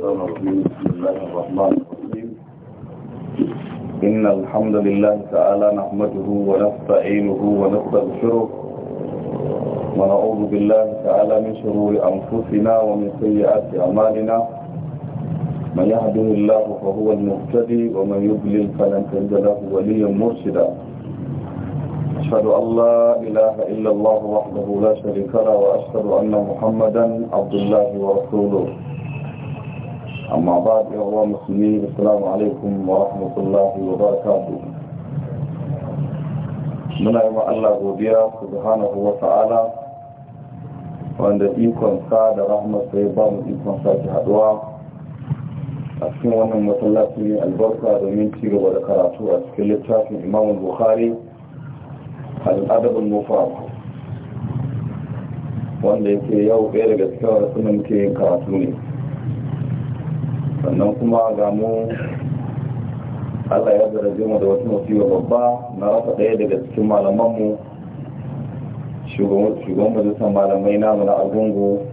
الشيطان الرجيم بسم الله الرحمن الرحيم إن الحمد لله تعالى نحمده ونستعينه ونستغفره ونعوذ بالله تعالى من شرور أنفسنا ومن سيئات أعمالنا من يهده الله فهو المهتدي ومن يضلل فلن تجد له وليا مرشدا أشهد أن لا إله إلا الله وحده لا شريك له وأشهد أن محمدا عبد الله ورسوله أما بعد يا أخوة المسلمين السلام عليكم ورحمة الله وبركاته من أيما الله غبيا سبحانه Sa'ada. wanda ikon sa da rahmar sai ba mu ikon sake haɗuwa. a cikin wannan masallaci ne albarka domin ci gaba da karatu a cikin littafin imamun bukhari al'adabin mufar wanda yake yau ɗaya daga cikin wasu muke yin karatu ne sannan kuma ga mu Allah ya zaraje mu da wasu musiba babba na rasa ɗaya daga cikin malamanmu shugaban majalisar malamai namu na argungu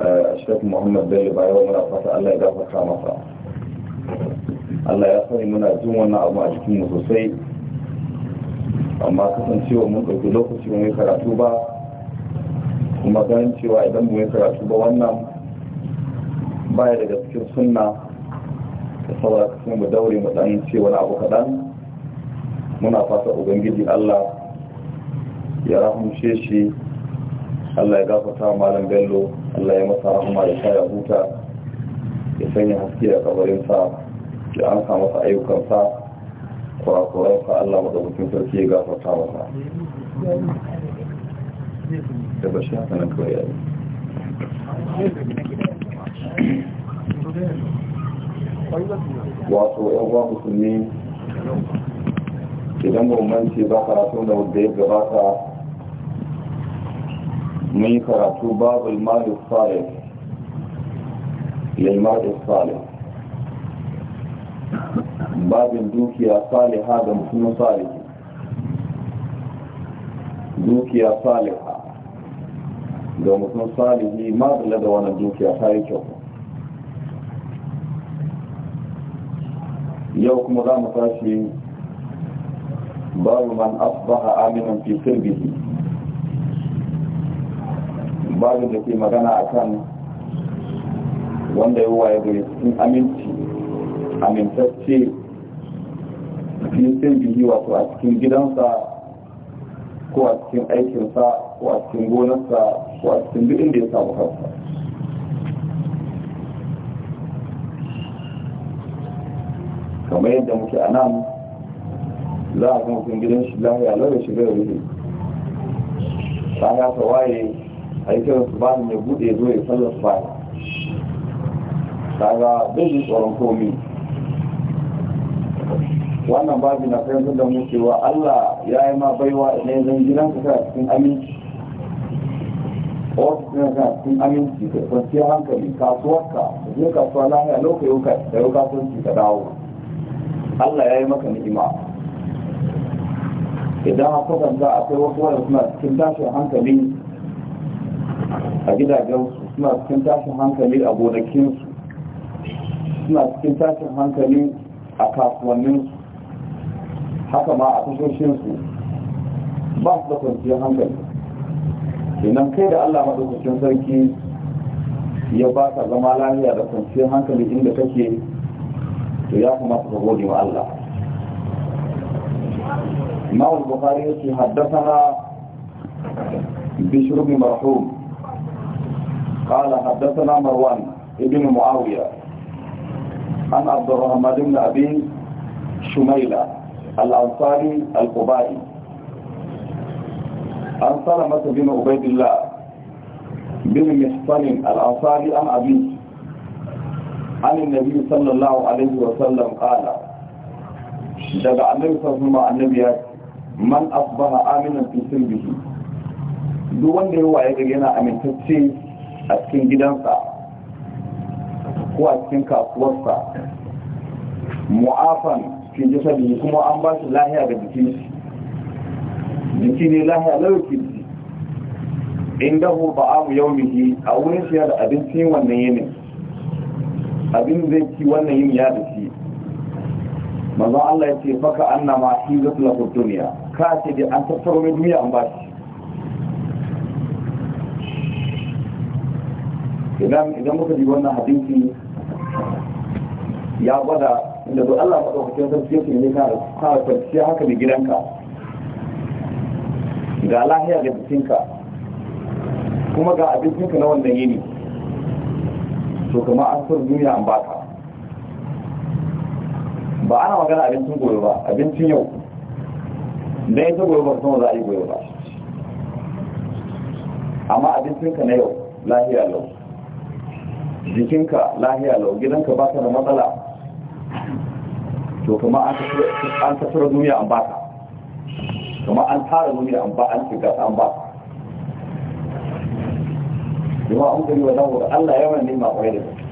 a eh, shek muhammadu bello bayan wani fata Allah ya gafarta masa Allah ya sani muna jin wannan abu a jikinmu sosai amma kasancewa mun ɗauki lokaci mai yi karatu ba kuma ganin cewa idan mu yi karatu ba wannan baya daga cikin sunna da saboda kuma mu daure mu dan wani abu kaɗan muna fasa ubangiji Allah ya rahumshe shi Allah ya gafata malam bello Allah ya masa rahama ya ya huta ya sanya haske a kabarinsa ya an masa ayyukansa kurakuransa Allah madaukakin sarki ya gafata masa da wato yan uwa musulmi idan ba manci ba karatu da wadda ya gabata mun yi karatu babu ilmari salih ilmari salih babin dukiya saliha da mutumin salihi dukiya saliha ga mutum salihi ma da wani dukiya ta yi kyau yau kuma za mu tashi babu man asbaha aminan fi sirbihi babu da ke magana akan wanda ya waye bai cikin aminci amintacce fi sirbihi wato a cikin gidansa ko a cikin aikinsa ko a cikin gonarsa ko a cikin duk inda ya samu kansa kamar yadda muke a nan za a kan kun gidan shi lahiya lauya shi bai rufe ta ta waye a yi kira su bani ya buɗe zo ya sallar su bani kaga bai ji tsoron komi wannan babi na fahimtar da mu cewa allah ya yi ma baiwa ne zan gidan ka kana cikin aminci ofis ɗin kana cikin aminci da kwanciyar hankali kasuwarka da je kasuwa lahiya lokacin da yau kasuwanci ka dawo Allah ya yi maka ni'ima idan a kwatanta akwai wasu wanda suna cikin tashin hankali a gidajensu suna cikin tashin hankali a gonakinsu suna cikin tashin hankali a kasuwanninsu haka ma a tashoshinsu ba su da kwanciyar hankali idan kai da Allah maɗaukacin sarki ya ba ka zama lahiya da kwanciyar hankali inda kake to ya kamata ka gode wa Allah Imam Bukhari yake قال حدثنا مروان ابن معاوية عن عبد الرحمن بن أبي شميلة الأنصاري القبائي عن سلمة بن عبيد الله بن محصن الأنصاري عن أبيه عن النبي صلى الله عليه وسلم قال دعا النبي صلى الله عليه وسلم من أصبح آمنا في سلبه duk wanda ya waye gari yana amintacce a cikin gidansa ko a cikin kasuwarsa mu'afan cikin jasadi kuma an ba shi lahiya ga jikin shi jiki ne lahiya lauki inda hu ba'amu yaumihi a wurin shi da abinci wannan ne. abin zai ci wannan yin ya da shi mazan Allah ya ce faka na masu shi zafi na duniya ka ce da an tattaro mai duniya an bashi idan idan muka ji wannan hadisi ya gwada inda zo Allah ya madaukakin sarki yake ne ka ka kwanciya haka da gidanka ga lahiya da bikinka kuma ga abincinka na wannan yini to kama an sur duniya an baka ba ana magana abincin goyo ba abincin yau dan ta goyo ba kuma za a yi goyo ba amma abincin ka na yau lahiya lau jikinka lahiya lau gidanka ka da matsala to kama an tattara duniya an baka kuma an tara duniya an ba an shiga an baka kuma an kai wannan wuri Allah ya mana nema kwaye da gaske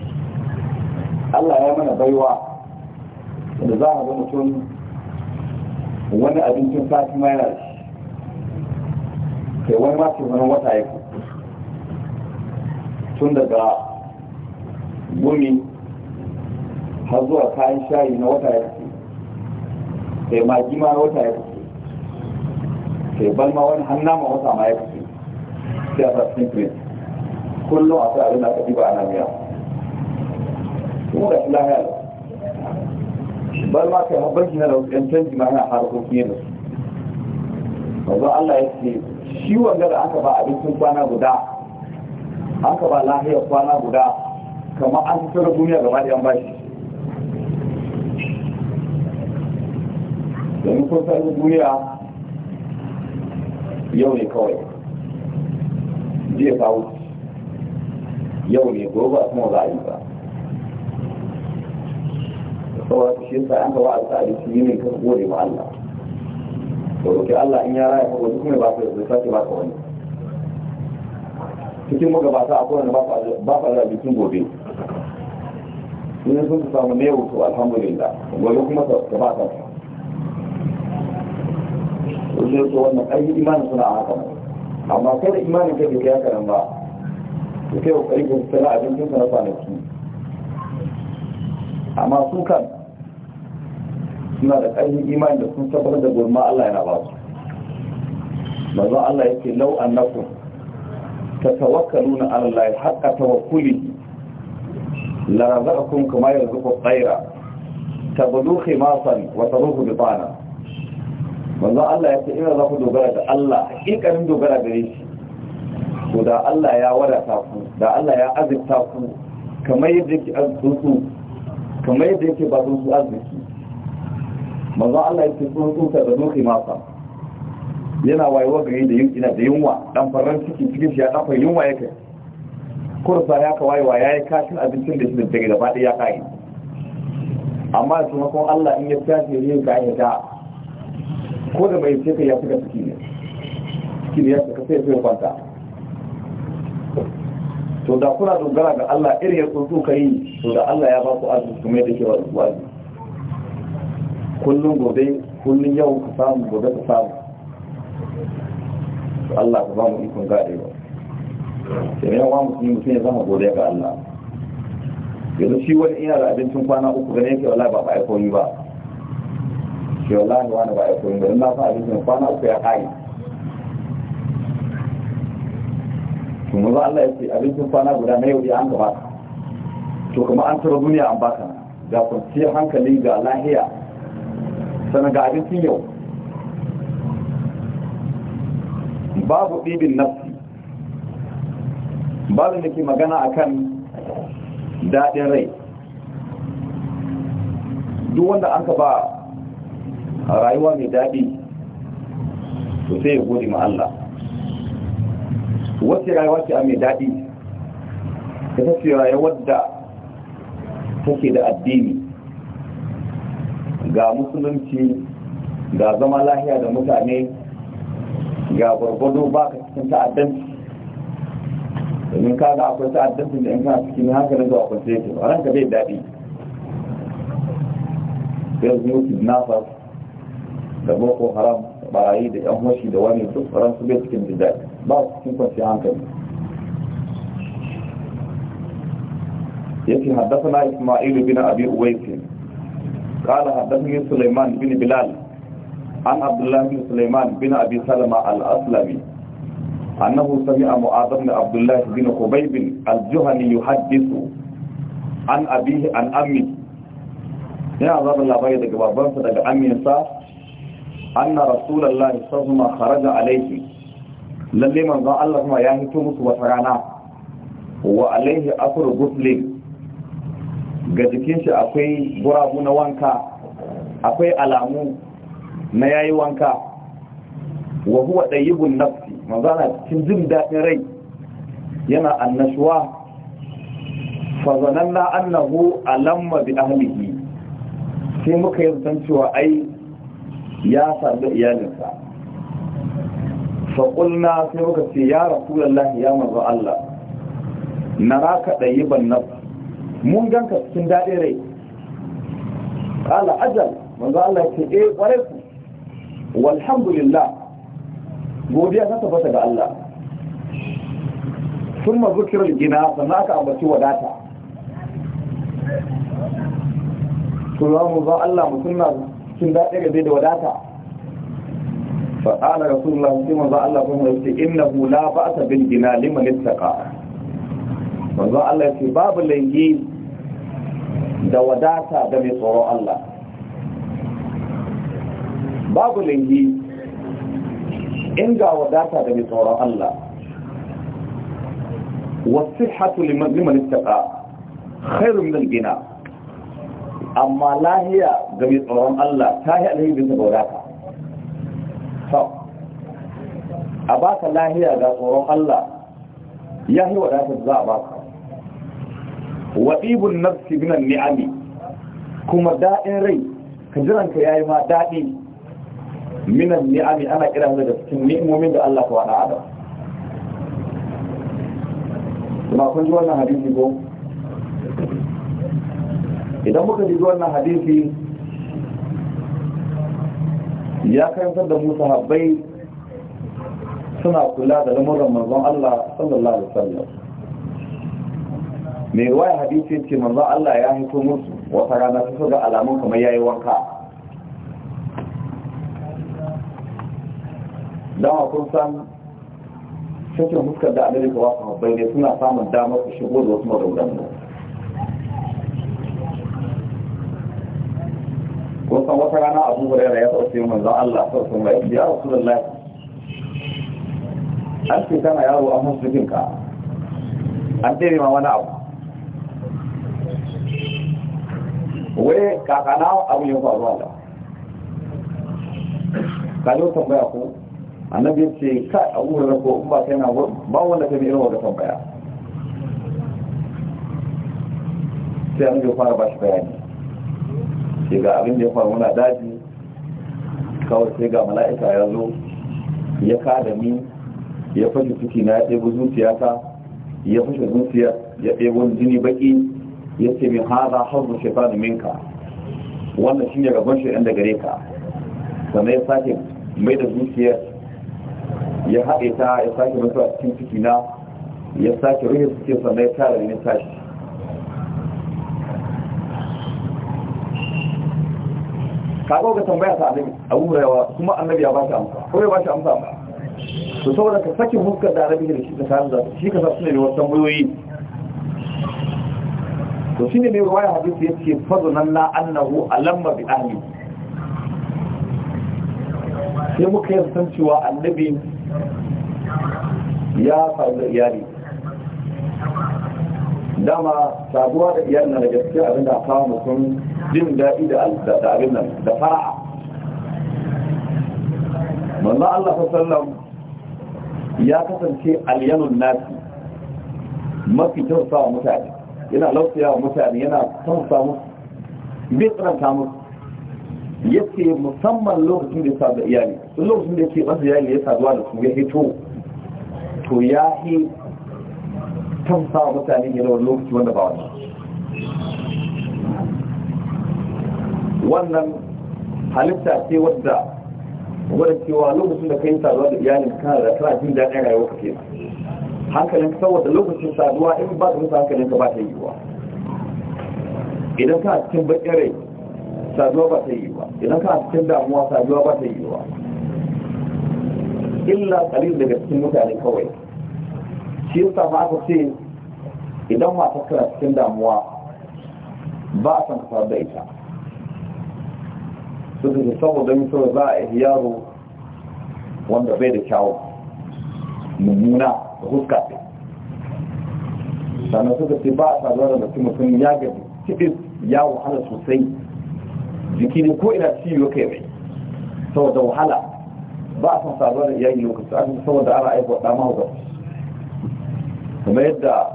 Allah ya mana baiwa da za a zama mutum wani abincin sati ma shi kai wani ma wani wata ya tun daga gumi har zuwa kayan shayi na wata ya sai magi ma wata ya sai balma wani hannama wata ma ya sai a cikin kullum a sa'ari na da aka ba ana miya kuma da lahiya ba. ma kai habban shi na da yan canji ma yana kofi yin su wanzu Allah ya ce shi wanda da aka ba abincin kwana guda aka ba lahiyar kwana guda kamar an da duniya gaba da yan bashi domin kun san duniya yau ne kawai jiya ta wuce yau ne gobe kuma ba a yi ba saboda shi sa an gawa alƙa'ari shi ne ka gode ma Allah da roƙi Allah in ya raya kawai duk mai ba ka da sake ba ka wani cikin magabata a kowane ba ka da bikin gobe Sunan sun su samu ne wuto alhamdulillah gobe kuma ka ba ka wasu yau wannan ƙarfi imanin suna a haka amma kada imanin kai da ya karan ba su kai kokari ku tsara abincin su na kwanaki amma su kan suna da ƙarfin imani da sun tabbatar da gurma Allah yana ba su manzo Allah yake annaku, ta tatawakkaluna na Allah ya haqqa tawakkuli la razaqakum kama yarzuqu at-tayra tabdu khimasan wa taruhu bitana manzo Allah yake ina za ku dogara da Allah hakikanin dogara gare shi to da Allah ya wadata ku da Allah ya azurta ku kamar yadda yake azurtu kamar yadda yake ba su arziki manzo Allah yake tsuntsu ta da nufi masa yana wayewa gari da yunwa da yunwa dan farar cikin cikin shi ya dafa yunwa kai kursa ya ka wayewa yi kashin abincin da shi da daga gaba ya kai amma kuma kun Allah in ya tashi yin ka ya da ko da bai ce ka ya fita ciki ne ciki ya ka sai fi kwanta to da kuna dogara ga Allah irin ya tsuntsu ka yi to da Allah ya ba ku arziki kuma da ke wa zuwa kullum gobe kullum yau ka samu gobe ka samu to Allah ka ba mu ikon gade ba sai yan wa mutum mutum ya zama gobe ga Allah yanzu shi wani ina da abincin kwana uku gane yake wala ba ba ya koyi ba shi wallahi wani ba ya koyi, ba na san abincin kwana uku ya kai to maza Allah ya ce abincin kwana guda na yau an gaba to kuma an tura duniya an baka ga kwanciyar hankali ga lahiya sana ga abincin yau babu ɗibin nafsi babu da ke magana kan daɗin rai duk wanda an ka ba rayuwa mai daɗi to sai ya gode ma Allah wacce rayuwa ce a mai daɗi ta tafi rayuwar da take da addini ga musulunci ga zama lahiya da mutane ga gwargwado ba ka cikin ta'addanci domin ka ga akwai ta'addanci da in kana cikin na zuwa kwanci ce ba ranka bai daɗi sai zuwa kidnappers da boko haram barayi da yan hoshi da wani duk ransu bai cikin jidaɗi ba su cikin kwanciyar hankali yake haddasa na bin abi uwaisin kala haddasa suleiman bin bilal an abdullahi suleiman bin abi salama al'aslami annahu sami a mu'azab na abdullahi bin kubai bin aljuhani yuhaddisu an abihi an ammi ya zaɓin labarai daga babansa daga amminsa an na rasulallah sazuma haraja alaikin lalle manzon Allah kuma ya hito musu wata rana wa alaihi asr guslin ga jikin shi akwai gurabu na wanka akwai alamu na yayi wanka wa huwa dayyibun nafsi manzon Allah cikin jin dadin rai yana annashuwa fa zananna annahu alamma bi ahlihi sai muka yi cewa ai ya sami iyalinsa faƙulna sai muka ce ya rasulallah ya manzo Allah na raka ɗayi bannan mun ganka cikin daɗin rai ƙala ajal manzo Allah ce ɗaya eh, ƙwarai ku walhamdulillah godiya ta tabbata ga Allah sun mazukirar gina sannan aka ambaci wadata su za mu Allah mutum na cikin daɗin rai da wadata فقال رسول الله صلى الله عليه وسلم إنه لا بأس بالجنا لمن اتقى manzo Allah ya babu laifi da wadata da mai tsoron Allah babu laifi in wadata da mai tsoron Allah wasihhatu liman ittaqa khairun min al-gina amma lahiya ga mai tsoron Allah ta yi alheri da wadata a baka lahiya ga tsoron Allah ya yi wadatar za a baka waɗibun nafsi binan ni'ami kuma daɗin rai ka jiranka ya yi ma daɗi minan ni'ami ana kira daga cikin ni'imomin da Allah ka wada adam kuma kun ji wannan hadisi ko idan muka ji wannan hadisi ya karantar da musu habbai suna kula da lamuran manzon Allah sallallahu alaihi wasallam mai waya hadisi ce manzon Allah ya haifo musu wata rana su ga alamun kamar yayi wanka dama kun san cikin huskar da amerika wasu habbai ne suna samun damar su shigo da wasu madaudan mu kun san wata rana abu hurera ya tsarki manzon Allah sallallahu alaihi wasallam ya rasu da lafiya an ce yaro an musu jinka an tere ma wani abu wai kakana abu yin faruwa da kajo tambaya ko annabi ce ka abu da ko in ba kai na ba wanda kai irin wanda tambaya sai an ya fara bashi bayani ke ga abin da ya faru na daji kawai sai ga mala'ika ya zo ya kada min ya fashe ciki na ya ɗebo zuciya ta ya fashe zuciya ya ɗebo jini baki ya ce min haza hazu da minka wannan ne gaban shi da gare ka sannan ya sake mai da zuciya ya haɗe ta ya sake mai a cikin ciki na ya sake rufe suke sannan ya tara ne tashi kaga ga tambaya ta annabi abu hurairah kuma annabi ya ba shi amsa ko ya ba shi amsa ba su saboda ka sake huskar da arabi da shi ka zafi shi ka sa suna wasu tambayoyi to ne mai ruwaya hadisi fazo nan na annahu alamma bi ahli sai muka yi san cewa annabi ya faru da iyali dama sabuwa da iyali na da gaskiya abin da kawo mutum jin daɗi da abin nan da fara'a manzo Allah sallallahu ya kasance alyanun nasi mafi tausa wa mutane yana lausaya wa mutane yana tausa musu bai tsananta musu yake musamman lokacin da ya da iyali sun lokacin da ya ce masu iyali ya saduwa da su ya hito to ya yi tausa wa mutane yana wani lokaci wanda ba wani wannan halitta ce wadda gwada cewa lokacin da ka yi saduwa da iyalin kana da kana jin daɗin rayuwa ka kenan hankalin ka saboda lokacin saduwa in ba ka musu hankalin ka ba ta yiwuwa idan kana cikin baƙin rai saduwa ba ta yiwuwa idan kana cikin damuwa saduwa ba ta yiwuwa illa kalil daga cikin mutane kawai shi yasa ma aka ce idan matar kana cikin damuwa ba a san ka da ita don saboda mutum za a yi yaro wanda bai da kyawu mummuna da huska ce sannan suka ce ba a saduwa da mutum mutum ya gaji cikin ya wahala sosai jiki ne ko ina ciwo kai mai saboda wahala ba a san saduwa da iyayen lokaci an saboda ana aiki waɗa hukar kuma yadda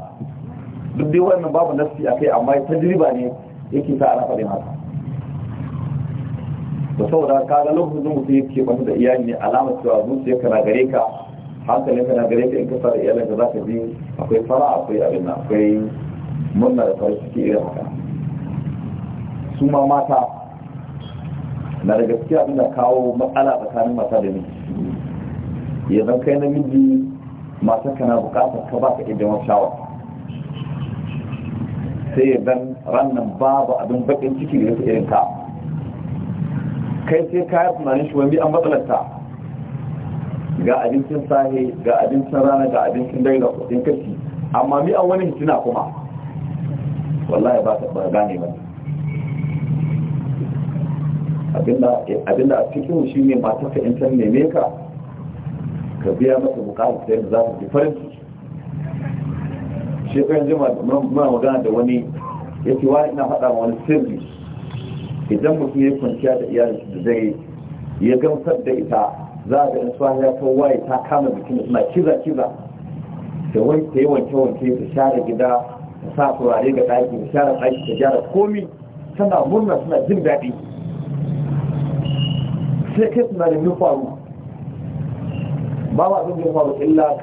duk dai wannan babu nasi a kai amma ta jiriba ne yake sa ana faɗin haka saboda ka ga lokacin da mutum yake wani da iyali ne alamar cewa zuciya kana gare ka hankalin kana gare ka in ka fara iyalin ka za ka ji akwai fara akwai abin nan akwai murna da farin ciki irin haka su ma mata na da gaskiya abin da kawo matsala tsakanin mata da miji ya zan kai namiji mata kana bukatar ka ba ka inda shawar sai ya ran rannan babu abin bakin ciki da irin ka kai sai ka yi tunanin shi wani an matsalarta ga abincin sahe ga abincin rana ga abincin dare ga kudin kashi amma mi an wani hitina kuma wallahi ba ta gane ba abinda a cikin shi ne ta fi intan neme ka ka biya masa bukatar da yadda za ta fi farin ciki shekaran jima muna magana da wani ya ce wa ina faɗa wani sirri idan mutum ya kwanciya da iyalinsa da zai ya gamsar da ita za a ga suwa ya kawo waye ta kama jikin suna kiza kiza da wani ta yi wanke wanke ta share gida ta sa turare ga ɗaki ta share ɗaki ta gyara komi tana murna suna jin daɗi sai kai suna da faru ba ma abin da faru illa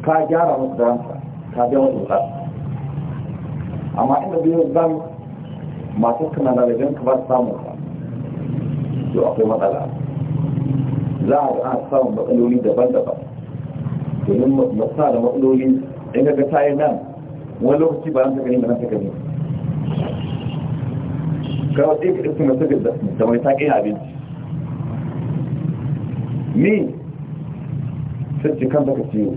ka gyara masu ranka ka biya masu ranka amma inda biyu zan masu suna da rajin ka ba su samun ka to akwai matsala za a ga ana samun matsaloli daban-daban domin matsala da matsaloli in ga ta yi nan wani lokaci ba nan ta gani ba nan ta gani kawai ɗaya ka ɗauki masu da mai saƙin abinci ni sai kan baka ciwo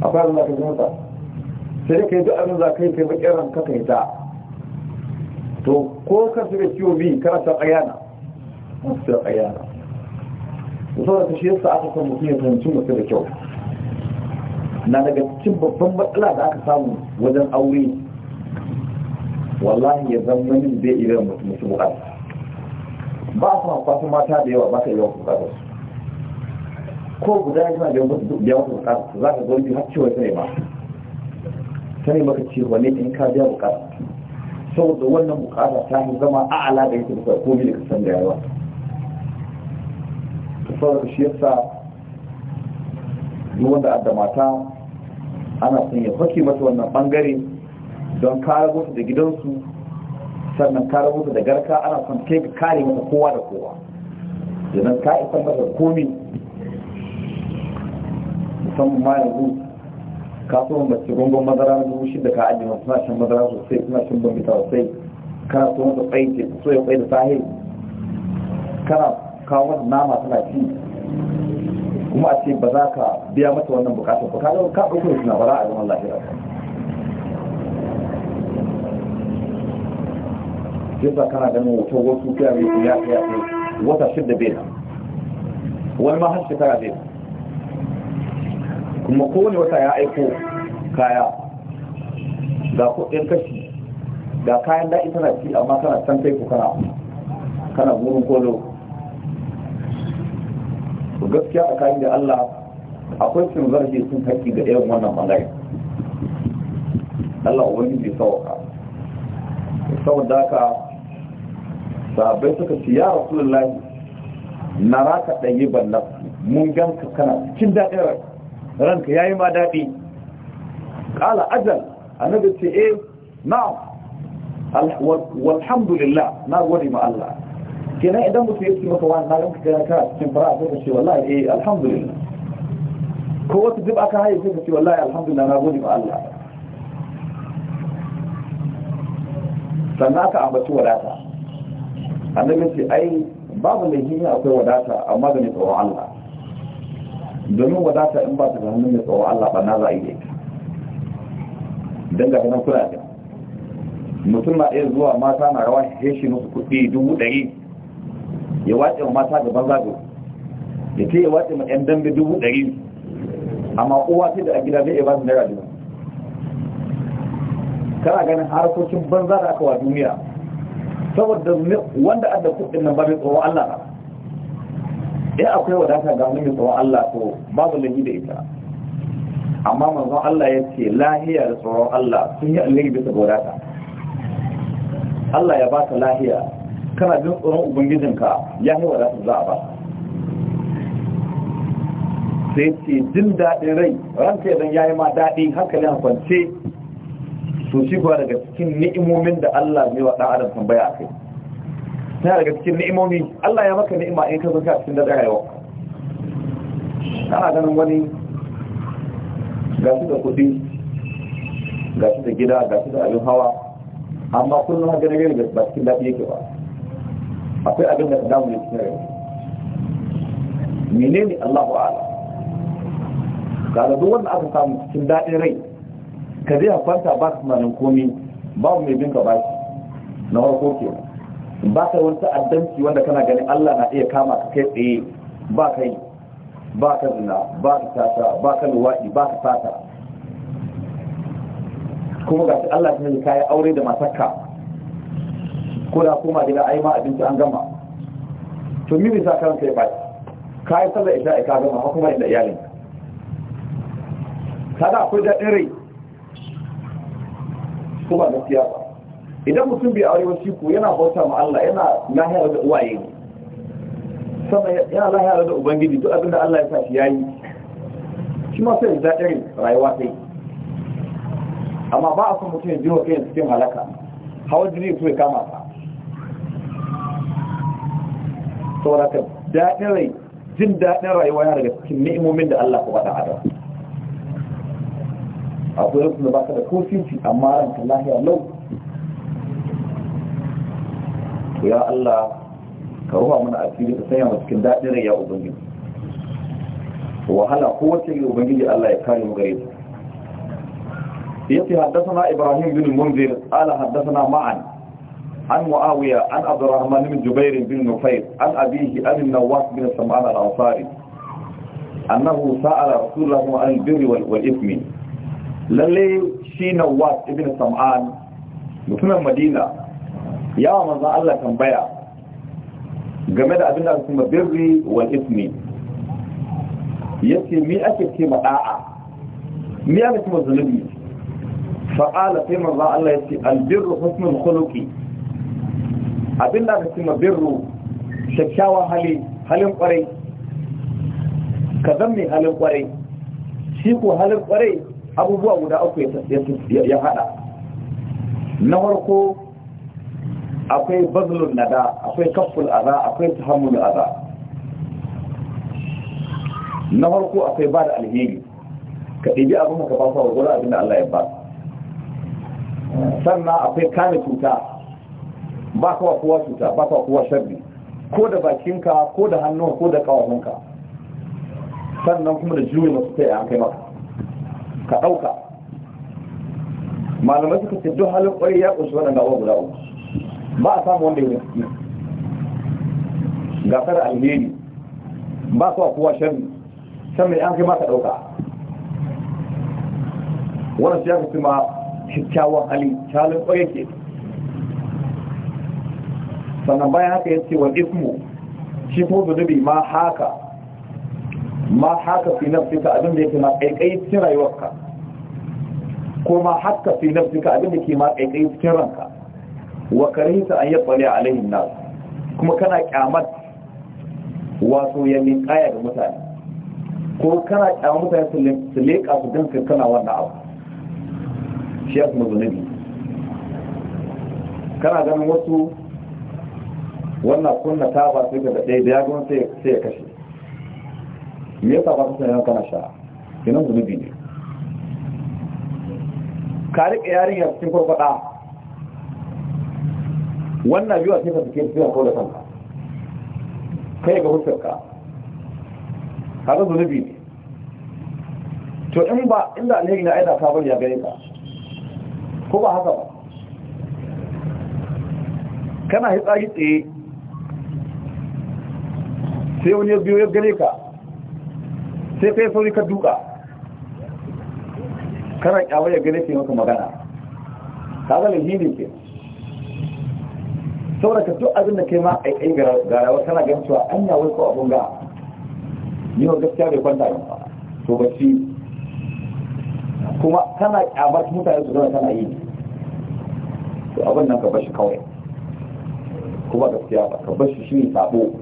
a fara za ka sai dai ka yi duk abin za ka yi kai bakin ranka ka yi ta to ko ka suka ciwo bi kana san ayana masu ayana so da shi yasa aka san mutum ya fahimci mutum da kyau na daga cikin babban matsala da aka samu wajen aure wallahi ya zama min zai iya mutum su bukata ba su hankwa sun mata da yawa ba ka yawan bukata su ko guda ya zama da yawan bukata za ka zo biyu har ciwon ta ne ba ta ne maka ciwo ne in ka biya bukata saboda wannan bukata ta yi zama a da yake bisa komi da kasan da yawa ta saboda shi yasa duk wanda adda mata ana son ya fake mata wannan bangare don kare musu da gidansu sannan kare musu da garka ana son kai ka kare mata kowa da kowa idan ka isa mata komi musamman ma yanzu kasuwan da ke gungun madara na dubu shida ka ajiye suna shan madara sosai suna shan bambita sosai kana so wanda tsaye ke so ya tsaye da sahi kana kawo wata nama tana ci kuma a ce ba za ka biya mata wannan bukatar ba ka ga ka ɗauko suna ba za a zama lafiya sai ba kana ganin hoton wasu fiya mai ya fiya wata shidda bai wani ma har shekara bai kuma kowane wata ya aiko kaya ga kudin kashi ga kayan daɗi tana ci amma kana san kai kana kana gurin kolo gaskiya a kayan da Allah akwai cin zarafi sun haƙƙi ga ɗayan wannan bangare Allah wani bai sauka saboda haka sahabbai suka ce ya rasulullahi na raka ɗaye ban mun ganka kana cikin daɗin rai ranka yayi ma dadi kala ajal annabi ce eh na'am walhamdulillah na gode ma Allah kenan idan mutum yake maka wani na ranka kana ka cikin fara sai ka ce wallahi eh alhamdulillah ko wata duk aka haye sai ce wallahi alhamdulillah na gode ma Allah sannan aka ambaci wadata annabi ce ai babu lahiya akwai wadata amma ga ne tsoron Allah domin wadata in ba ta da hannun ya tsawo Allah ba na za a yi ita don ga nan kula da mutum na iya zuwa mata na rawa heshi musu kuɗi dubu ɗari ya wace wa mata gaban zago ya ce ya wace ma ƴan dambe dubu ɗari amma uwa ce da a gida zai ba su naira dubu kana ganin harkokin banza da aka wa duniya saboda wanda adda kuɗin nan ba mai tsawo Allah na in akwai wadata ga hannun tsoron Allah ko babu lahi da ita amma manzon Allah ya ce lahiya da tsoron Allah sun yi alheri bisa ga wadata Allah ya baka lahiya kana jin tsoron ubangijinka ya yi wadata za a ba sai ce jin daɗin rai ranka idan ya yi ma daɗi hankalin kwance to shi daga cikin ni'imomin da Allah zai wa ɗan adam tambaya a kai tana daga cikin ni'imomi Allah ya maka ni'ima in ka zanka cikin daɗa rayuwa ana ganin wani ga su da kuɗi ga su da gida ga su da abin hawa amma kullum haka ganin da ba cikin daɗi yake ba akwai abin da ta damu ne cikin rayuwa menene Allahu a'ala ga da duk wanda aka samu cikin daɗin rai ka zai hafanta ba ka tunanin komi babu mai bin ka ba shi na farko kenan ba kai wani ta'addanci wanda kana ganin Allah na iya kama ka kai tsaye ba kai ba ka zina ba ka tata ba ka luwaɗi ba ka tata kuma ga shi Allah ta yi kayan aure da matakka ko da koma gida yi ma abinci an gama to mi bisa kan kai ba ka yi sallar isha ka gama ko kuma inda iyalin Ka da akwai daɗin rai kuma gaskiya ba idan mutum bai aure wasu ko yana bauta ma Allah yana lahiyar da uwaye ne sama yana lahiyar da ubangiji duk abin da Allah ya sa shi yayi shi ma sai da irin rayuwa sai amma ba a son mutum ya jiwa kai cikin halaka hawan jini ko ya kama ka saboda ka daɗin rai jin daɗin rayuwa yana daga cikin ni'imomin da Allah ya bada adam akwai rufin da baka da kofinci amma ranka lahiya lau ya Allah ka ruwa mana asiri ka sanya mu cikin daɗin rai ya ubangiji wahala ko wacce yi ubangiji Allah ya kare mu gare ta yace haddathana Ibrahim bin Munzir ala haddathana Ma'an an Muawiya an Abdurrahman bin Jubair bin Nufayr an abihi an Nawas bin Sam'an al-Ansari annahu sa'ala Rasulullah an al-birri wal ithmi lalle shi Nawas ibn Sam'an mutumin Madina yawa manzan Allah tambaya game da abin da aka kuma birri wa ismi yace mi ake ce ma da'a mi ake ce ma zunubi qala sai manzan Allah yace al birru al khuluqi abin da aka ce ma birru shakkawa hali halin kwarai ka zan halin kwarai shi ko halin kwarai abubuwa guda uku ya hada na farko akwai bazlun nada akwai kafful aza akwai tahammul aza na farko akwai ba da alheri ka ɗibi abin ka ba su gwargwaro abin da Allah ya ba sannan akwai kame cuta ba kawa kowa cuta ba kawa kowa sharri ko da bakinka ko da hannuwa, ko da kawahunka sannan kuma da juri masu tsaye an kai maka ka ɗauka malamai suka ce duk halin ƙwari ya ƙunshi waɗanda abubuwa guda uku ba a samu wanda ya gaske gasar alheri ba su a kowa shan shan mai an kai ba ta ɗauka wannan shi ya fi ma kyakkyawan hali halin kwaye ke sannan bayan haka ya ce wa ismu shi ko zunubi ma haka ma haka fi ka abin da yake ma kaikai cikin rayuwarka ko ma haka fi ka abin da ke ma kaikai cikin ranka wa karinta an a lahin nasu? kuma kana kyamar wato ya linkaya ga mutane ko kana kyamar mutane su leƙa su don kankana wannan abu shi ya kuma zunubi kana ganin wasu wannan kunna ta ba sai ga ɗaya da ya gwan sai ya kashe me yasa ba kusa yawan kana sha kenan zunubi ne ka riƙe yarinya cikin farfaɗa wannan biyu a ka suke suna kawo da kanka kai ga huskarka kaga zunubi ne to in ba inda alheri na aida ka bari ya gare ka ko ba haka ba kana hitsari tsaye sai wani biyo ya gare ka sai kai sauri ka duka kana kyawar ya gare ke maka magana kaga lahiri ke saboda ka duk abin da kai ma a yi garawa kana gan cewa an ya wai ko abun ga wa gaskiya bai kwanta yin ba to bacci kuma kana kyabar mutane su zama kana yi to abin nan ka bashi kawai kuma gaskiya ba ka bashi shi ne sabo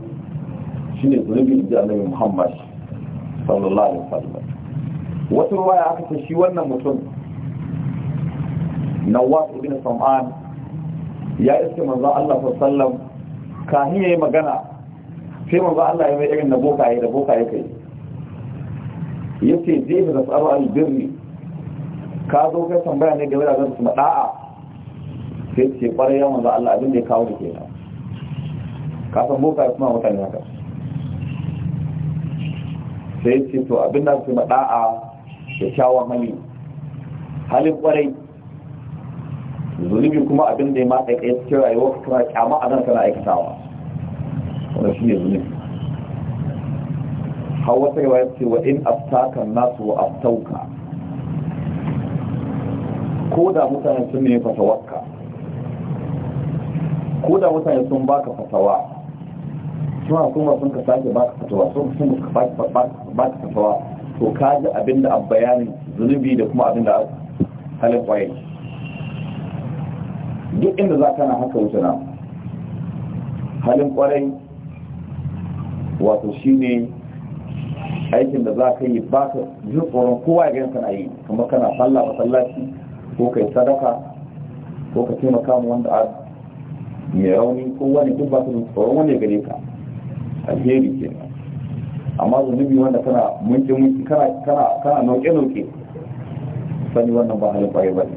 shi ne zurubi da annabi muhammad sallallahu alaihi wasallam wata ruwaya aka ce shi wannan mutum nawas ibn sam'an ya iske manzo Allah sallam kahin ya yi magana sai manzo Allah ya mai irin na yi da bokaye kai ya ce da tsaro albirri ka zo kai tambaya ne game da zan su da'a sai ce kwarai ya manzo Allah abin da ya kawo da ke ka san bokaye kuma mutane haka sai ce to abin da su da'a da kyawun hali halin kwarai zunubi kuma abin da ya ma tsaye cikin rayuwa ka kyama a nan kana aikatawa wanda shi ne zunubi har wata yawa ce wa in aftaka nasu wa aftauka ko da mutane sun ne fatawarka ko da mutane sun baka fasawa, suna kuma sun ka sake baka fasawa, sun sun ka baka fatawa to ka ji abin da bayanin zunubi da kuma abin da halin kwaye duk inda za na haka wuce na halin kwarai wato shi ne aikin da za ka yi ba ka jin tsoron kowa ya gani kana yi kuma kana ba masallaci ko kai sadaka ko ka taimaka mu wanda a mai rauni ko wani duk ba ka jin tsoron wani ya gare ka alheri ke amma zunubi wanda kana munke munke kana kana kana noke sani wannan ba halin kwarai ba ne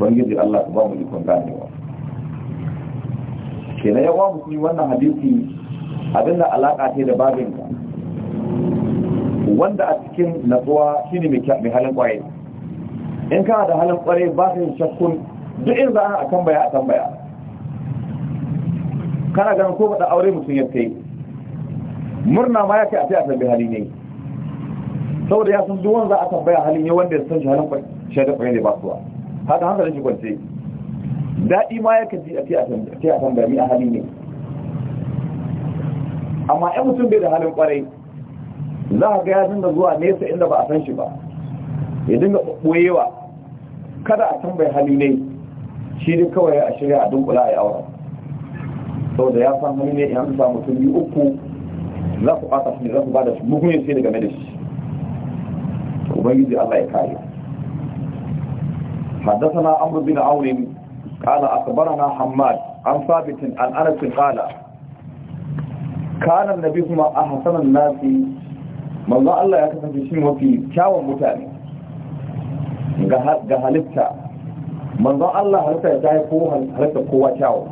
ubangiji Allah ba mu ikon ganewa kenan yawa kuma wannan hadisi abinda alaka ce da babin ka wanda a cikin natsuwa shine mai halin kwaye in kana da halin kwaye ba ka yin shakkun duk in za a tambaya a tambaya kana ganin ko bada aure mutum ya kai murna ma ya kai a sai a tambayi hali ne saboda ya san duk wanda a tambaya halin ya wanda ya san shi halin kwaye shi da kwaye ne ba suwa haka hankalin shi kwance daɗi ma ya kaji a ce a a hali ne amma 'yan mutum bai da halin kwarai za a ga dinga zuwa nesa inda ba a san shi ba ya dinga ɓoyewa kada a tambayi hali ne shi ne kawai a shirya a dunkula a yawon saboda ya san hali ne ya an samu mutum biyu uku za ku ɓata shi za ku ba da shi mugun yin sai da game da shi ubangiji allah ya kare حدثنا عمرو بن عون قال أخبرنا حماد عن ثابت عن أنس قال كان النبي صلى الله الناس من الله يا كسان شيء وفي كاو متاني ga halitta manzon Allah halitta ya yi ko halitta kowa kyawo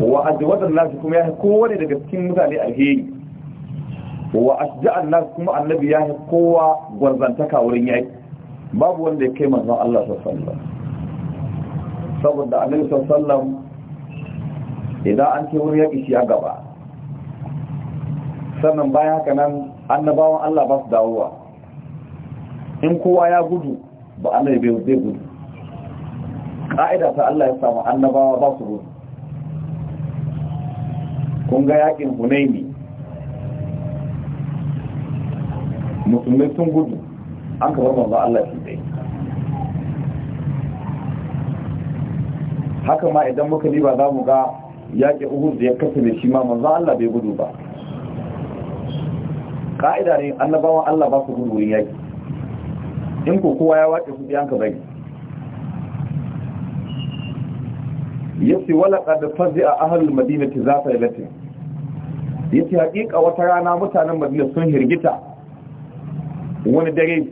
wa ajwadan nas kuma ya yi kowa ne daga cikin mutane alheri wa ashja'an nas kuma annabi ya yi kowa gwarzantaka wurin yaki babu wanda ya kai manzon Allah sallallahu saboda annabi sallallahu idan an ce wuri yaƙi shi a gaba sannan bayan haka nan annabawan Allah ba su dawowa in kowa ya gudu ba annabi bai zai gudu ƙa'ida ta Allah ya samu annabawa ba su gudu kun ga yaƙin hunaini musulmi sun gudu an ka bar manzon Allah shi dai haka ma idan muka liba za mu ga yaƙi uhud da ya kasance shi ma manzon Allah bai gudu ba ka'ida ne annabawan Allah ba su gudu wurin yaƙi in ko kowa ya wace su an ka bai yace wala qad fazi'a ahlul madinati zata lati yace haƙiƙa wata rana mutanen madina sun hirgita wani dare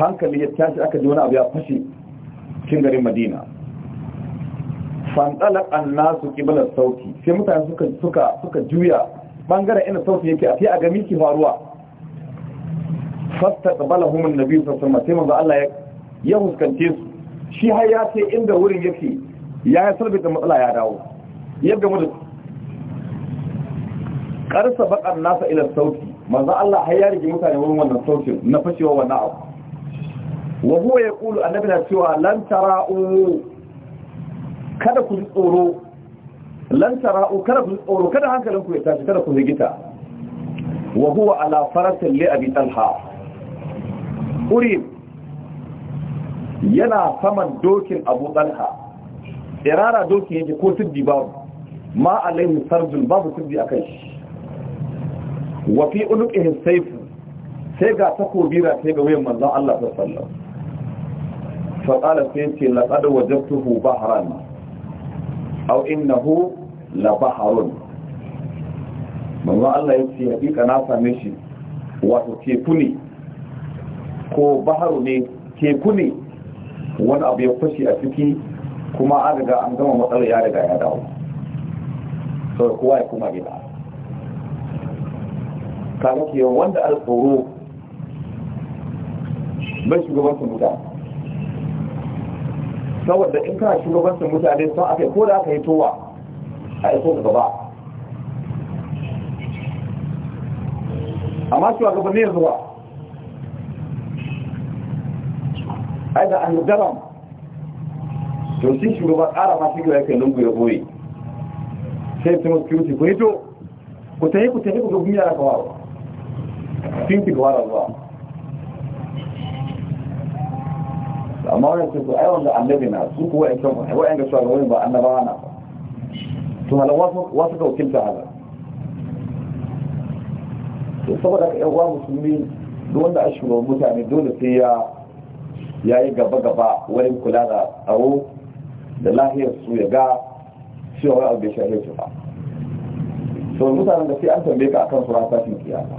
hankali ya tashi aka ji wani abu ya fashe cikin garin madina fantsalar annasu kibalar sauti sai mutane suka suka suka juya bangaren ina sauti yake a sai a gami ki faruwa fasta qabala hum annabi sallallahu alaihi wasallam sai manzo Allah ya huskance su shi har ya ce inda wurin yake ya yi sarbe da matsala ya dawo yadda mu karsa bakar nasa ila sauti manzo Allah har ya rigi mutane wurin wannan sautin na fashewa wannan abu wa huwa yaqulu annabi na cewa lan tara'u kada ku tsoro lan tara'u kada ku tsoro kada hankalinku ya tashi kada ku rigita wa huwa ala farasin li abi talha urib yana saman dokin abu talha irara dokin yake ko tuddi babu ma alaihi sarjul babu tuddi akai wa fi unuqihi sayf sai ga takobi ra sai ga wayan manzon Allah sallallahu alaihi wasallam faƙala sai ce laƙada wajabtuhu baharan au innahu la baharun mamma Allah ya ce haƙiƙa na same shi wato teku ne ko baharu ne teku ne wani abu ya fashi a ciki kuma an riga an gama matsalar ya riga ya dawo sau kowa ya kuma gida kaga ke wanda alforo bai shugabancin mutane saboda in kana shugabancin mutane sun aka ko da aka yi towa a iso da gaba amma shugabanni yanzu ba ai da an daram to shi shugaba ƙara ma shi ga kai lungu ya goyi sai su mutu kyuti ku hito ku tafi ku tafi ku ga gumiya na kawarwa kin ki kawara zuwa amma wani ce su ai da annabi na su kuwa yan kan wani wa'yan ga wani ba annaba na ba to hala wasu ka wakilta hala to saboda ka yawa musulmi duk wanda a shugaban mutane dole sai ya ya yi gaba-gaba wurin kula da tsaro da lahiyar su ya ga cewa abu bai shahe su ba so mutanen da sai an tambaye ka akan su ran tashin kiyama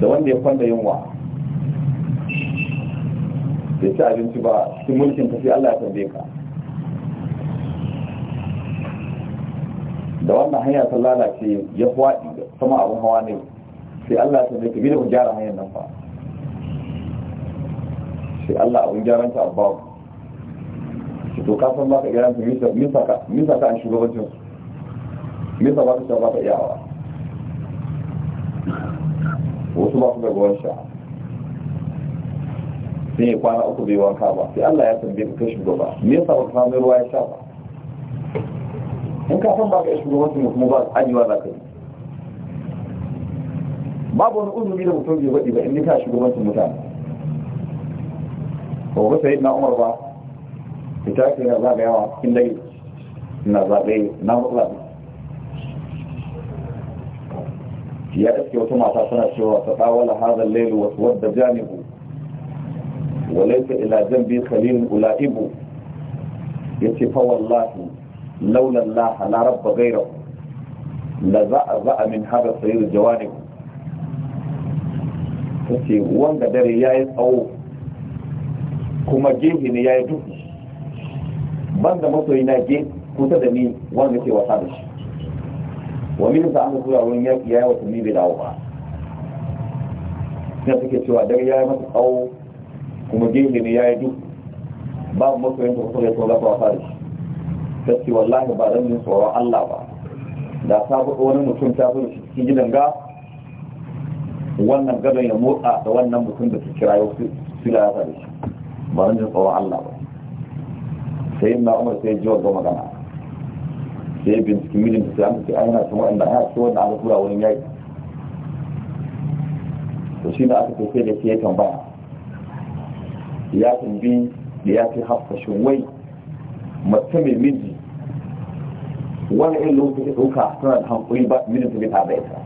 da wanda ya kwanda yunwa bai ci abinci ba cikin mulkin ka sai Allah ya tambaye ka da wannan hanya ta lalace ya faɗi sama abin hawa ne sai Allah ya tambaye ka bi da ku gyara hanyar nan fa sai Allah abin gyaran ta abba ku to ka san ba ka gyaran ta misa ka misa ka an shugabancin misa ba ka ba ka iyawa wasu ba su da gowar sha'a sai ya kwana uku bai wanka ba sai Allah ya tambaye ka kai shugaba me yasa ba ka samu ruwa ya sha ba in ka san ba ka shugabanci ne kuma ba ajiwa za ka yi babu wani uzuri da mutum bai baɗi ba in ka shugabancin mutane ba ba sai na umar ba fita ke na zaga yawa cikin dare na zaɓe na matsala ya iske wata mata tana cewa ta tsawala hazan lailu wasu wadda jami'u walaisa ila zambi khalil ula'ibu ce, fa wallahi laula Allah la rabba ghayrahu la za a min haɗa hada sayr jawanib yace wanda dare ya yi tsawo kuma gehe ne ya yayi duhu banda masoyi na ge kusa da ni wanda ke wasa da shi Wani min sa an zuwa wurin yaki yayi watanni bai dawo ba sai suke cewa dare ya yi masa tsawo kuma gingini ya yi duk babu masu da kuma ya so zafa wasa da shi gaske wallahi ba zan yin tsoron Allah ba da ta buɗe wani mutum ta buɗe shi cikin gidan ga wannan gadon ya motsa da wannan mutum da su kira yau su da ya da shi ba zan yin tsoron Allah ba sai na umar sai ji ga magana sai binciki milin da siyan an ce ayyana su wa'anda ya ce wanda aka tura wurin yayi to shi da aka ce sai da ke tambaya ya tambi da ya fi hafashin wai mace mai miji wani irin lokacin da ɗauka suna da hankali ba mini su bai ta da ita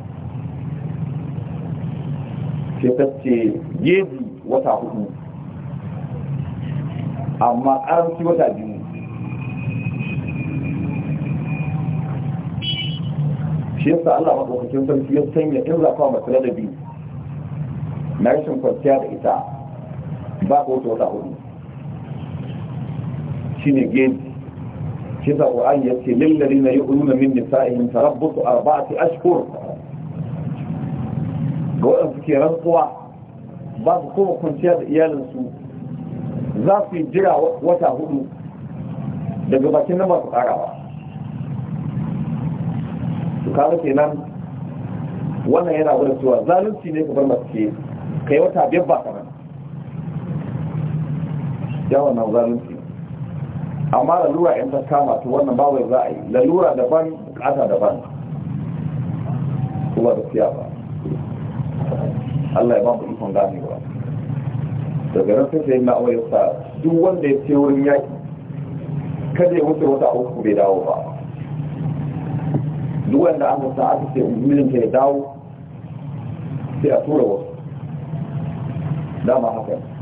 gezi wata hudu amma ƙaranci wata biyu shi yasa Allah maɗaukakin sarki ya sanya in zafa mace da biyu na rashin kwanciya da ita ba ko to wata hudu shi ne gezi da sa ƙwa'an ya ce lillari na yi min nisa'ihim tarabbutu arba'ati ashhur ga waɗanda suke rantsuwa ba su kuma kwanciya da iyalinsu za su jira wata hudu daga bakin na masu ba. su kawo kenan wannan yana wadda cewa zalunci ne ka bar masu ke kai wata biyar ba kamar yawan na zalunci amma lalura in ta kama ta wannan babu za a yi lalura daban bukata daban kuma da siya ba Allah ya ba mu ikon ba. daga nan sai sai na ya sa duk wanda ya ce wurin yaki kada ya wuce wata uku bai dawo ba duk wanda aka sa aka ce mijinta ya dawo sai a tura wasu dama haka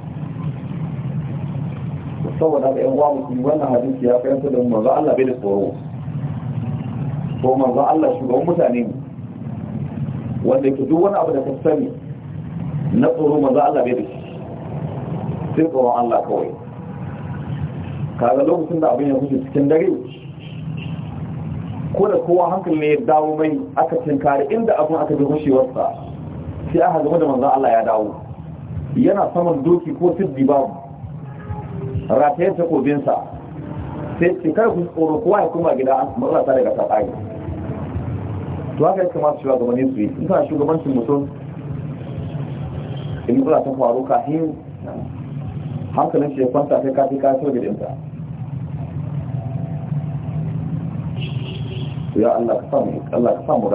saboda da yan uwa musulmi wannan hadisi ya fahimta da manzo Allah bai da tsoro ko manzo Allah shugaban mutane ne wanda yake duk wani abu da ka sani na tsoro manzo Allah bai da shi sai tsoron Allah kawai kaga lokacin da abin ya kusa cikin dare ko da kowa hankali ne ya dawo mai aka tinkari inda abin aka bi rushewarsa sai aka gama da manzo Allah ya dawo yana saman doki ko siddi babu rataye takobinsa sai cikar kuma tsoro ya kuma gida an marasa daga safari to haka yake masu shugabanni su yi in kana shugabancin mutum in kula ta faru kafin hankalin shi ya kwanta sai ka fi ka so gidansa ya Allah ka samu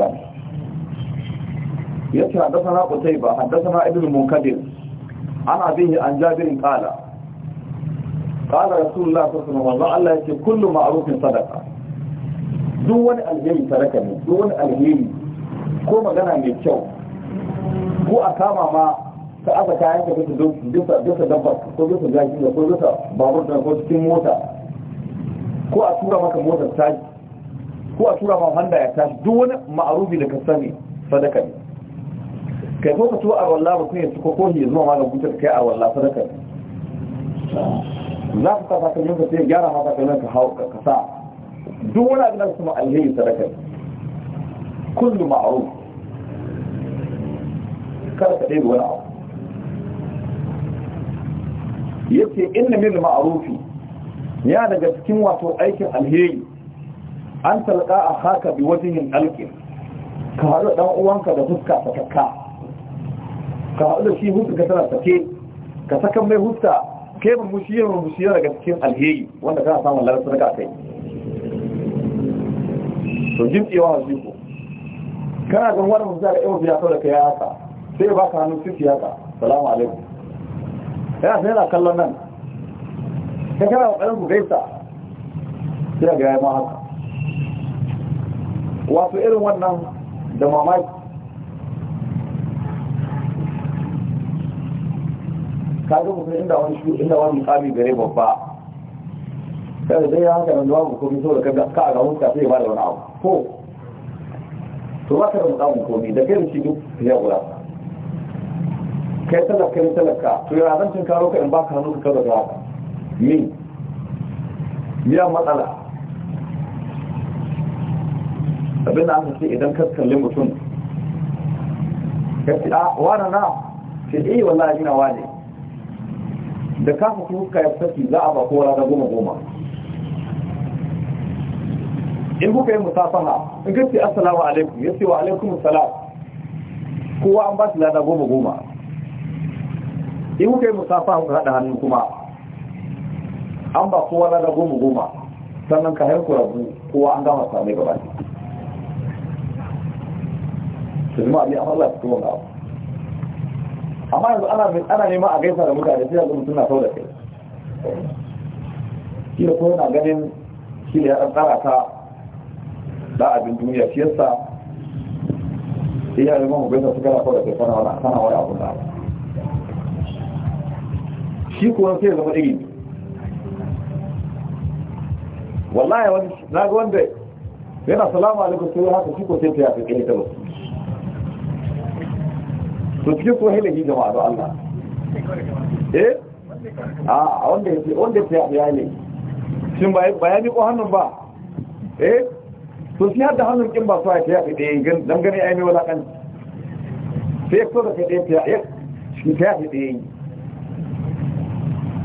ya ce haddasa na ƙutai ba haddasa na ibn munkadir ana bihi an jabirin ƙala قال رسول الله صلى الله عليه وسلم الله يكي كل معروف صدقة دون الهيم صدقة دون الهيم كما قنا من الشو هو أكاما ما سأسا كاين كبير جسا جسا دبر كو جسا جاكين كو جسا بابر دنا كو تكين موتا كو أتورا ما كموتا تاج كو أتورا ما هندا يتاج دون معروف لكسامي صدقة kai ko ka tuwa a wallah ba kun yanzu ko ko ya zuwa malam kuta kai a wallah sadaka za ku sa takalmin ka sai gyara ma takalmin ka hau ka sa duk wani abin da kuma alheri sadaka kullu ma'ruf kada ka ɗebe wani abu yace inna min ma'rufi ya daga cikin wato aikin alheri an talqa akhaka bi wajhin alqin ka haɗu dan uwanka da fuska fatakka ka haɗu da shi huska tana sake ka saka mai huska kai mu ya mu yana daga cikin alheri wanda kana samun lalar sun a kai to tsewa a jiko kana gan wani mutum ga yawon biya da kai ya haka sai ba ka hannun sisi haka salamu alaikum yana sai yana kallon nan Ta kana kokarin ku gaisa sai ga ya ma haka wato irin wannan da mamaki ka ga mutum inda wani shi inda wani mukami gare babba Kada zai ya haka nan babu komai saboda kaga ka a gaban ka sai ya bada wani abu ko to ba ka da mukamin komai da kai shi duk ya gura kai talaka ne talaka to ya zan cin karo ka in ba ka hannu ka kaza ka min Ya matsala abin da aka ce idan ka kalli mutum ka ce a ah, wani na ce eh wallahi ina wani da ka fi huska ya saki za a ba kowa na goma goma in kuka yi musafaha in gaske assalamu alaikum ya ce wa alaikum salam kowa an ba su lada goma goma in kuka yi musafaha kuka haɗa hannu kuma an ba kowa lada goma goma sannan ka haiku rabu kowa an gama sami gaba ne. Tuzuma abin Allah su tuwon abu. amma yanzu ana nema a gaisa da mutane sai yanzu mutum na sau da kai shi da kuma na ganin shi da ya ɗan tsara ta da abin duniya shi yasa iya ya mu gaisa su gara sau da kai sana wani sana wani abu da shi kuwa sai zama iri wallahi wani na ga wanda yana salamu alaikum sai haka shi ko sai ta yafi kai ta wasu to cikin kuma yi jama'a da Allah eh a wanda ya ce wanda ya ya ne shin ba ya ko hannun ba eh to shi hada hannun kin ba su ya da ɗaya don gani ya yi wala kan sai ya da kai ɗaya ya shi tafi ɗaya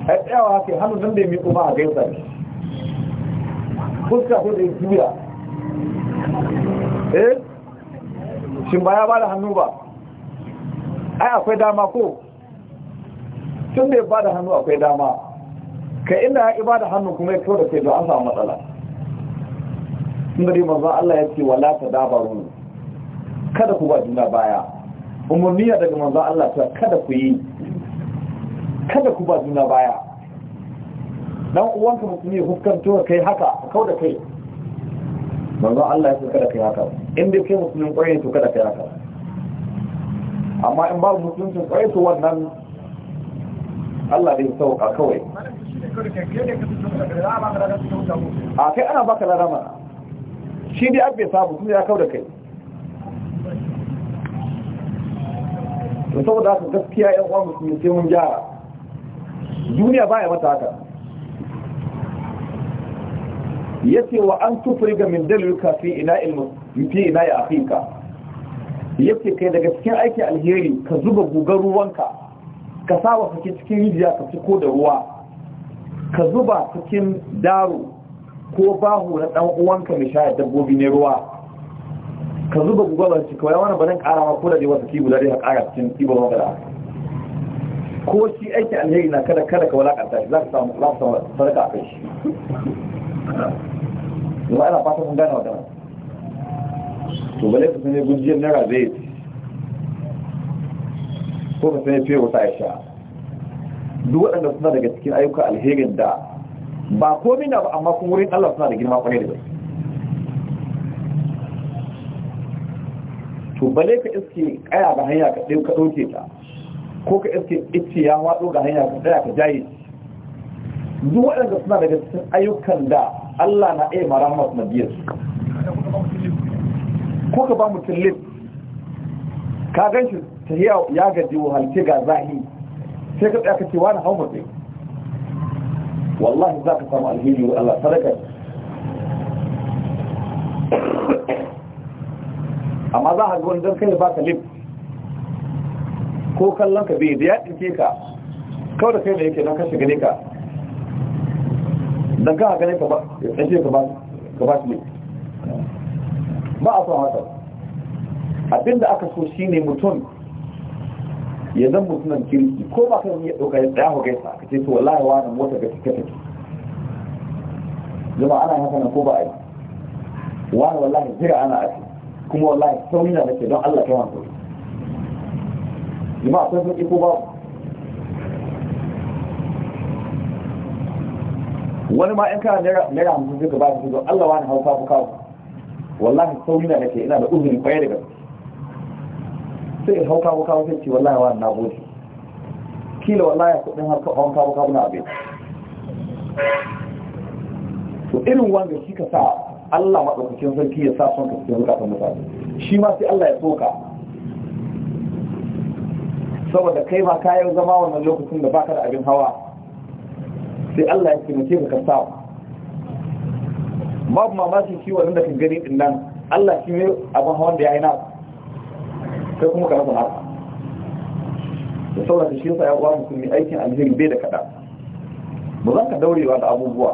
a tsayawa haka hannun nan da ya miƙo ba a gaisa ne fuska sai da ya juya eh shin ba ya ba da hannu ba ai akwai dama ko tun da ya ba da hannu akwai dama ka inda ya ba da hannu kuma ya kyau da kai don an samu matsala sun da zan Allah ya ce wala ta dabarun kada ku ba juna baya umarniya daga manzo Allah ta kada ku yi kada ku ba juna baya dan uwanka mutum ya fuskanto kai haka kau da kai manzo Allah ya ce kada kai haka in dai kai musulmin kwaye to kada kai haka amma in babu musuluncin kwarai su eh wannan Allah da ya sauka kawai a kai ana baka larama shi dai abin sabu kuma ya kawo da kai da saboda haka gaskiya yan uwa musulmi sai mun jara. duniya baya mata haka yace wa an tufriga min dalilka fi ina ilmu ina ya afika yake kai daga cikin aikin alheri ka zuba gugar ruwanka ka sawa kake cikin rijiya ka ko da ruwa ka zuba cikin daro ko bahu na dan uwanka mai shayar dabbobi ne ruwa ka zuba gugar ba shi kawai wani banin kara ma ko da wata ki guda dai ka kara cikin kibon wanda da ko shi aikin alheri na kada kada ka walakanta shi za ka samu za a kai shi. Ba ana fata mun gane wa to bale ka sanya gujiyar na zai ko ka sanya fiye wata ya sha duk waɗanda suna daga cikin ayyuka alherin da ba komi na ba amma kuma wurin Allah suna da girma kwarai da bai to bale ka iske kaya ga hanya ka ɗaya ka ɗauke ta ko ka iske ice ya waɗo ga hanya ka ɗaya ka jaye duk waɗanda suna daga cikin ayyukan da Allah na iya mara masu nabiyar su ko ka ba mutum lif ka gan shi ta ya gaji wahalce ga zahi sai ka tsaya ka ce wani hau mutum wallahi za ka samu alheri wa Allah sadaka amma za a zuwa don kai ba ka lif ko kallon ka bai da ya ɗinke ka kawai da kai mai yake don kashe gane ka don ka gane ka ba shi ne ba a son haka abinda aka so shi ne mutum ya zan mutunan kirki ko ba kan iya ɗauka ya ɗaya gaisa ka ce to wallahi wa nan wata gaske take take zama ana haka nan ko ba a yi wani wallahi jira ana a kuma wallahi sauri na nake don Allah kai zama a san sauƙi ko babu wani ma 'yan kana naira hamsin suka ba su don Allah wani hau ku kawo wallahi sau mina da ke ina da uzurin kwaye daga sai in hauka wuka wuka ce wallahi wa na gode kila wallahi kudin har hauka wuka wuka abin to irin wanda shi ka sa Allah maɗaukakin sarki ya sa son ka cikin zukatan mutane shi ma sai Allah ya soka saboda kai ma kayan zama wannan lokacin da baka da abin hawa sai Allah ya taimake ka ka sa babu mamakin shi wannan da kan gani din nan Allah shi ne abin hawan da ya aina sai kuma ka rasa haka da saboda shi yasa ya kwamu mutum yi aikin alheri bai da kada ba zan ka daurewa da abubuwa